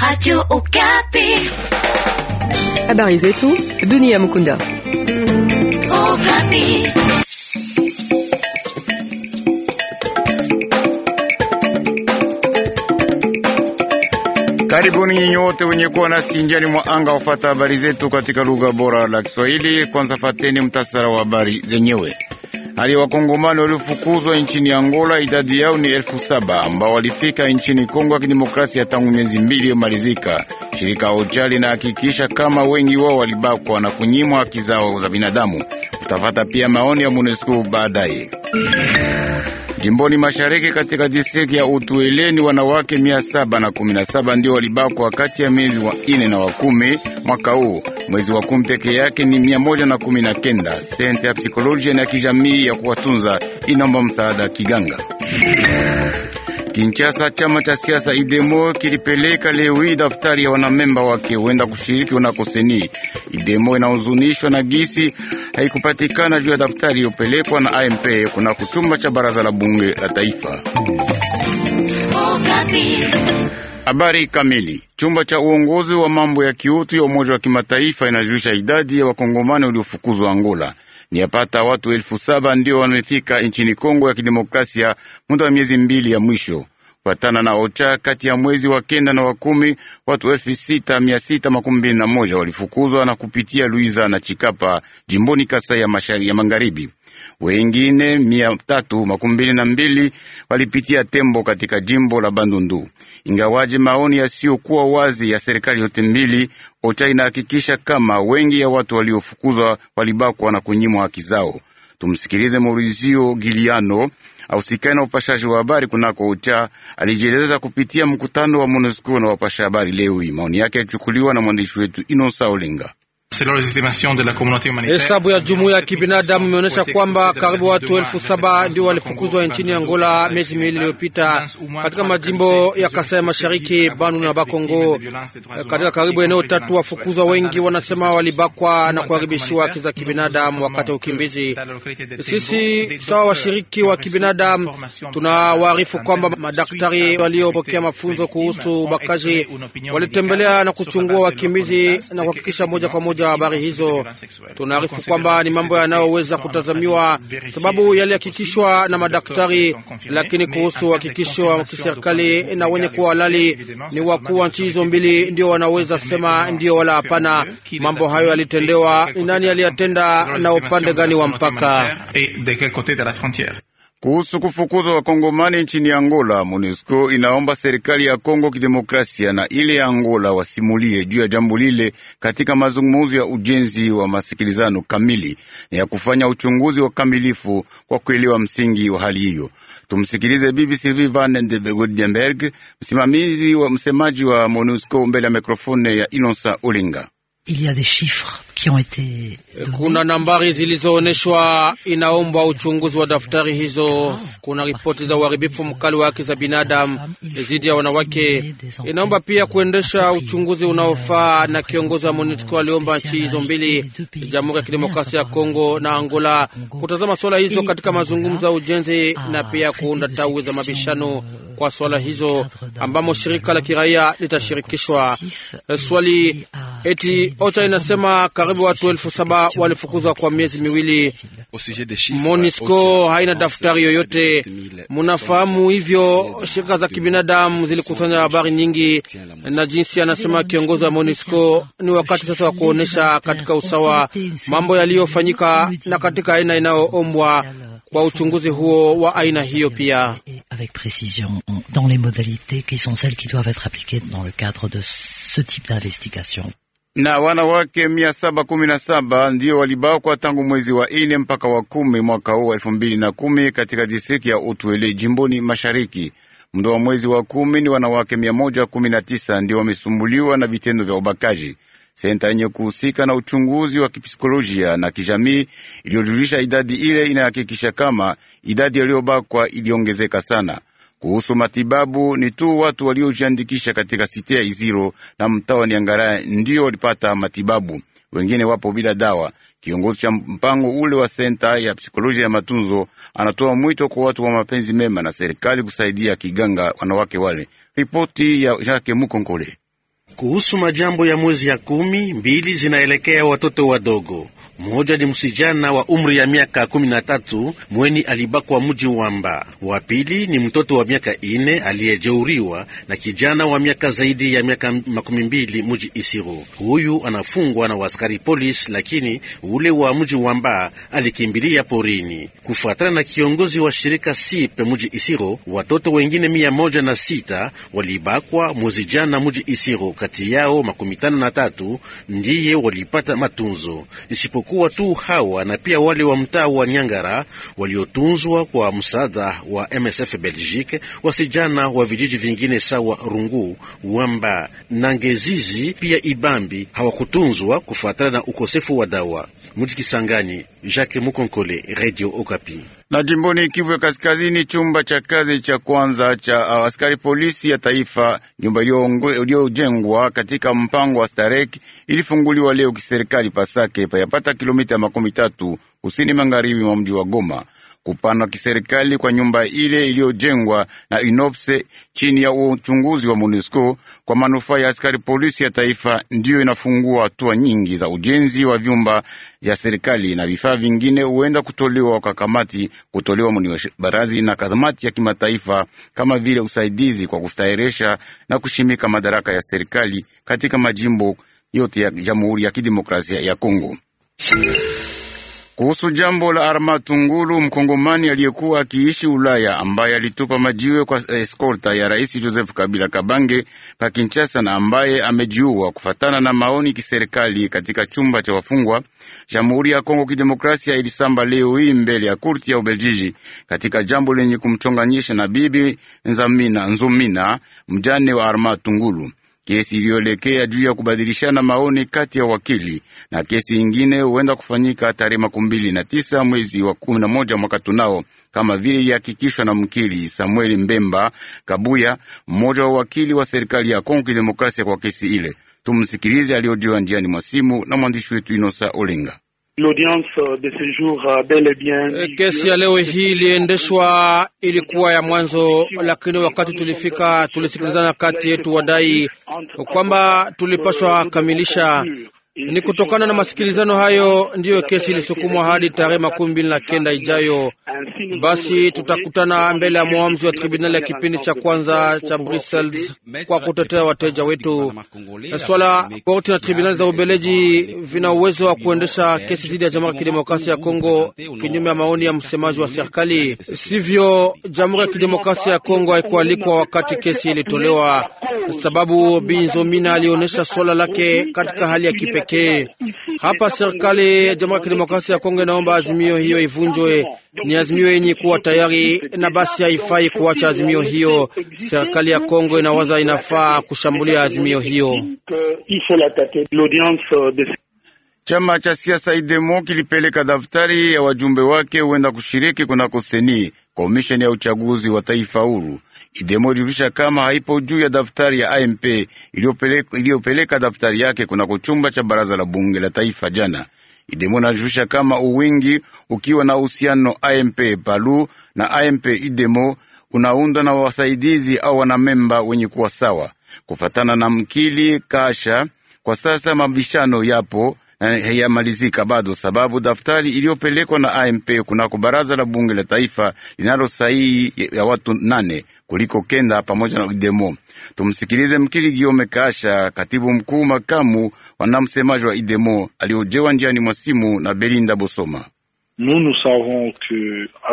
Radio Okapi. Habari zetu Dunia Mukunda. Okapi. Karibuni nyinyi wenye kuwa na sinjani mwa anga wafata habari zetu katika lugha bora la Kiswahili. Kwanza fateni mtasara wa habari zenyewe hali ya wakongomani waliofukuzwa nchini Angola, idadi yao ni elfu saba ambao walifika nchini Kongo ya Kidemokrasia tangu miezi mbili iliyomalizika. Shirika OCHA linahakikisha kama wengi wao walibakwa na kunyimwa haki zao za binadamu. Tutapata pia maoni ya MONUSCO baadaye. Jimboni mashariki katika distrikti ya Utueleni, wanawake mia saba na kumi na saba ndio walibakwa kati ya miezi wa ine na wa kumi mwaka huu. Mwezi wa kumi peke yake ni mia moja na kumi na kenda. Sente ya psikolojia na kijamii ya kuwatunza inaomba msaada kiganga. Kinshasa, chama cha siasa Idemo kilipeleka leo hii daftari ya wanamemba wake huenda kushiriki unakoseni. Idemo inahuzunishwa na gisi haikupatikana juu ya daftari iliyopelekwa na AMP kuna kuchumba cha baraza la bunge la taifa. Habari kamili. Chumba cha uongozi wa mambo ya kiutu ya Umoja wa Kimataifa inajulisha idadi ya wakongomani waliofukuzwa Angola ni yapata watu elfu saba ndio wamefika nchini Kongo ya Kidemokrasia muda wa miezi mbili ya mwisho kufatana na OCHA. Kati ya mwezi wa kenda na wa kumi watu elfu sita mia sita makumi mbili na moja walifukuzwa na kupitia Luiza na Chikapa jimboni Kasai ya ya magharibi wengine mia tatu makumi mbili na mbili walipitia tembo katika jimbo la Bandundu. Ingawaje maoni yasiyokuwa wazi ya serikali yote mbili, OCHA inahakikisha kama wengi ya watu waliofukuzwa walibakwa na kunyimwa haki zao. Tumsikilize Maurizio Giliano ausikani na upashaji wa habari kunako OCHA alijieleza kupitia mkutano wa MONUSCO na wapasha habari leo hii. Maoni yake yalichukuliwa na mwandishi wetu Inosa Olinga. Hesabu ya jumuiya ya kibinadamu imeonyesha kwamba karibu watu elfu saba ndio walifukuzwa nchini Angola miezi miwili iliyopita katika majimbo ya Kasai Mashariki, Bandu na Bakongo. Katika karibu eneo tatu, wafukuzwa wengi wanasema walibakwa na kuharibishiwa haki za kibinadamu wakati wa ukimbizi. Sisi sawa washiriki wa kibinadamu tunawaarifu kwamba madaktari waliopokea mafunzo kuhusu ubakaji walitembelea na kuchungua wakimbizi na kuhakikisha moja kwa moja habari hizo. Tunaarifu kwamba ni mambo yanayoweza kutazamiwa, sababu yalihakikishwa na madaktari, lakini kuhusu uhakikisho wa kiserikali na wenye kuwa halali, ni wakuu wa nchi hizo mbili ndio wanaweza sema ndio wala hapana. Mambo hayo yalitendewa, nani aliyatenda na upande gani wa mpaka? Kuhusu kufukuzwa wakongomani nchini Angola, MONUSCO inaomba serikali ya Kongo kidemokrasia na ile ya Angola wasimulie juu ya jambo lile katika mazungumzo ya ujenzi wa masikilizano kamili na ya kufanya uchunguzi wa kamilifu kwa kuelewa msingi wa hali hiyo. Tumsikilize Bibi Sylvie Van de Godemberg, msimamizi wa msemaji wa MONUSCO mbele ya mikrofone ya Inosa Olinga il y a des chiffres qui ont été kuna nambari zilizoonyeshwa, inaomba uchunguzi wa daftari hizo. Ah, kuna ripoti za uharibifu mkali wa haki za binadamu dhidi ya wanawake, inaomba pia kuendesha uchunguzi euh, unaofaa. Na kiongozi wa MONUSCO aliomba nchi hizo mbili, Jamhuri ya Kidemokrasia ya Kongo na Angola, kutazama swala hizo katika mazungumzo ya ujenzi na ah, pia kuunda tawi za mabishano euh, kwa swala hizo ambamo shirika la kiraia litashirikishwa. Eh, swali eti OCHA inasema karibu watu elfu saba walifukuzwa kwa miezi miwili. MONUSCO haina daftari yoyote, munafahamu hivyo. Shirika za kibinadamu zilikusanya habari nyingi, na jinsi anasema kiongozi wa MONUSCO, ni wakati sasa wa kuonyesha katika usawa mambo yaliyofanyika na katika aina inayoombwa kwa uchunguzi huo wa aina hiyo pia avec précision dans les modalités qui sont celles qui doivent être appliquées dans le cadre de ce type d'investigation. Na wanawake mia saba kumi na saba ndio walibakwa tangu mwezi wa ine mpaka wa kumi mwaka huu wa elfu mbili na kumi katika distrikti ya Utwele jimboni Mashariki. Mdo wa mwezi wa kumi ni wanawake mia moja kumi na tisa ndio wamesumbuliwa na vitendo vya ubakaji senta yenye kuhusika na uchunguzi wa kipsikolojia na kijamii iliyojulisha idadi ile inahakikisha kama idadi yaliyobakwa iliongezeka sana. Kuhusu matibabu, ni tu watu waliojiandikisha katika site ya Iziro na mtaa wa Niangaraya ndiyo walipata matibabu, wengine wapo bila dawa. Kiongozi cha mpango ule wa senta ya psikolojia ya matunzo anatoa mwito kwa watu wa mapenzi mema na serikali kusaidia kiganga wanawake wale. Ripoti ya Jacques Mukonkole kuhusu majambo ya mwezi ya kumi mbili zinaelekea watoto wadogo mmoja ni msijana wa umri ya miaka kumi na tatu mweni alibakwa mji Wamba. Wa pili ni mtoto wa miaka ine aliyejeuriwa na kijana wa miaka zaidi ya miaka makumi mbili mji Isiro. Huyu anafungwa na waskari polisi, lakini ule wa mji Wamba alikimbilia porini. Kufuatana na kiongozi wa shirika Sipe mji Isiro, watoto wengine mia moja na sita walibakwa mwezi jana mji Isiro, kati yao makumi tano na tatu ndiye walipata matunzo isipokuwa kuwa tu hawa na pia wale wa mtaa wa Nyangara waliotunzwa kwa msaada wa MSF Belgique, wasijana wa vijiji vingine sawa Rungu, Wamba nangezizi pia Ibambi hawakutunzwa kufuatana na ukosefu wa dawa. Mujikisangani, Jacques Mukonkole, Radio Okapi. Na jimboni Kivu ya Kaskazini, chumba cha kazi cha kwanza cha uh, askari polisi ya taifa, nyumba iliyojengwa katika mpango wa Starek ilifunguliwa leo kiserikali Pasake, payapata kilomita makumi tatu kusini magharibi mwa mji wa Goma kupanwa kiserikali kwa nyumba ile iliyojengwa na Inopse chini ya uchunguzi wa MONUSCO kwa manufaa ya askari polisi ya taifa, ndiyo inafungua hatua nyingi za ujenzi wa vyumba vya serikali na vifaa vingine huenda kutolewa kwa kamati kutolewa mwenibarazi na kamati ya kimataifa kama vile usaidizi kwa kustahiresha na kushimika madaraka ya serikali katika majimbo yote ya Jamhuri ya Kidemokrasia ya Kongo kuhusu jambo la Arma Tungulu, mkongomani aliyekuwa akiishi Ulaya, ambaye alitupa majiwe kwa eskorta ya rais Joseph Kabila Kabange pa Kinshasa, na ambaye amejiua kufatana na maoni kiserikali katika chumba cha wafungwa. Jamhuri ya Kongo Kidemokrasia ilisamba leo hii mbele ya kurti ya Ubeljiji katika jambo lenye kumchonganyisha na bibi Nzamina Nzumina, mjane wa Arma Tungulu kesi iliyoelekea juu ya kubadilishana maoni kati ya wakili na kesi nyingine huenda kufanyika tarehe makumi mbili na tisa mwezi wa kumi na moja mwaka tunao, kama vile ilihakikishwa na mkili Samueli Mbemba Kabuya, mmoja wa wakili wa serikali ya Kongo Kidemokrasia kwa kesi ile. Tumsikilize aliyojiwa njiani mwa simu na mwandishi wetu Inosa Olinga. Kesi ya leo hii iliendeshwa, ilikuwa ya mwanzo, lakini wakati tulifika, tulisikilizana kati yetu wadai kwamba tulipaswa kamilisha ni kutokana na masikilizano hayo ndiyo kesi ilisukumwa hadi tarehe makumi mbili na kenda ijayo. Basi tutakutana mbele ya mwamuzi wa tribunali ya kipindi cha kwanza cha Brussels kwa kutetea wateja wetu. Swala korti na tribunali za Ubeleji vina uwezo wa kuendesha kesi dhidi ya Jamhuri ya Kidemokrasia ya Kongo kinyume ya maoni ya msemaji wa serikali, sivyo? Jamhuri ya Kidemokrasia ya Kongo haikualikwa wakati kesi ilitolewa, sababu Binzomina alionyesha swala lake katika hali ya kipekee pekee. Hapa serikali ya Jamhuri ya Kidemokrasia ya Kongo inaomba azimio hiyo ivunjwe. Ni azimio yenye kuwa tayari na basi haifai kuacha azimio hiyo. Serikali ya Kongo inawaza inafaa kushambulia azimio hiyo. Chama cha siasa Idemo kilipeleka daftari ya wajumbe wake huenda kushiriki kunako seni komisheni ya uchaguzi wa taifa huru idemo ilijulisha kama haipo juu ya daftari ya AMP iliyopeleka daftari yake kunako chumba cha baraza la bunge la taifa jana. Idemo inajulisha kama uwingi ukiwa na uhusiano AMP Palu na AMP Idemo unaunda na wasaidizi au wanamemba wenye kuwa sawa kufatana na mkili Kasha. Kwa sasa mabishano yapo Eh, hayamalizika bado, sababu daftari iliyopelekwa na AMP kunako baraza la bunge la taifa linalo sahihi ya watu nane kuliko kenda pamoja na idemo. Tumsikilize mkili Giome Kasha, katibu mkuu makamu wanamsemaji wa idemo, aliojewa njiani mwa simu na Belinda Bosoma.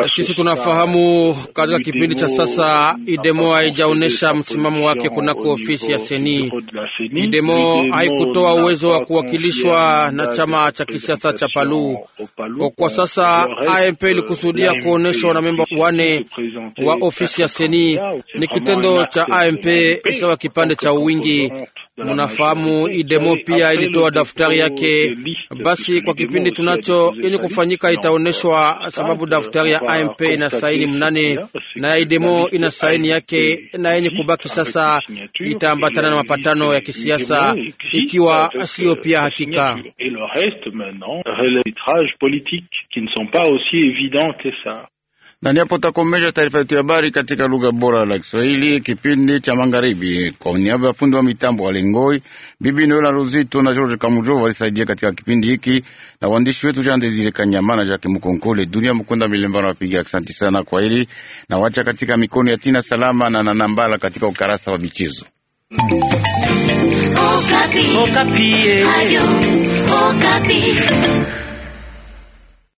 Sisi tunafahamu katika kipindi cha sasa IDEMO haijaonyesha msimamo wake kunako ofisi ya seni. IDEMO haikutoa uwezo wa kuwakilishwa na chama cha kisiasa cha Palu. Kwa sasa AMP ilikusudia kuonyeshwa na memba wane wa ofisi ya seni, ni kitendo cha AMP sawa kipande cha uwingi Munafahamu idemo pia ilitoa daftari yake, basi kwa kipindi tunacho ili kufanyika itaonyeshwa, uh, sababu daftari ya AMP uh, ina saini mnane uh, na ya idemo ina saini yake, na yenye kubaki sasa itaambatana na mapatano ya kisiasa, ikiwa siyo pia hakika na niapo takomesha taarifa yetu ya habari katika lugha bora la Kiswahili, kipindi cha magharibi. Kwa niaba ya fundi wa mitambo wa Lengoi, bibi Noela Luzito na George Kamujo walisaidia katika kipindi hiki, na waandishi wetu Jean Desire Kanyama na Jacques Mukonkole. Dunia Mkunda Milembano wapiga asante sana kwa hili, na wacha katika mikono ya Tina Salama na Nanambala katika ukarasa wa michezo. Okapi. Okapi. Eh.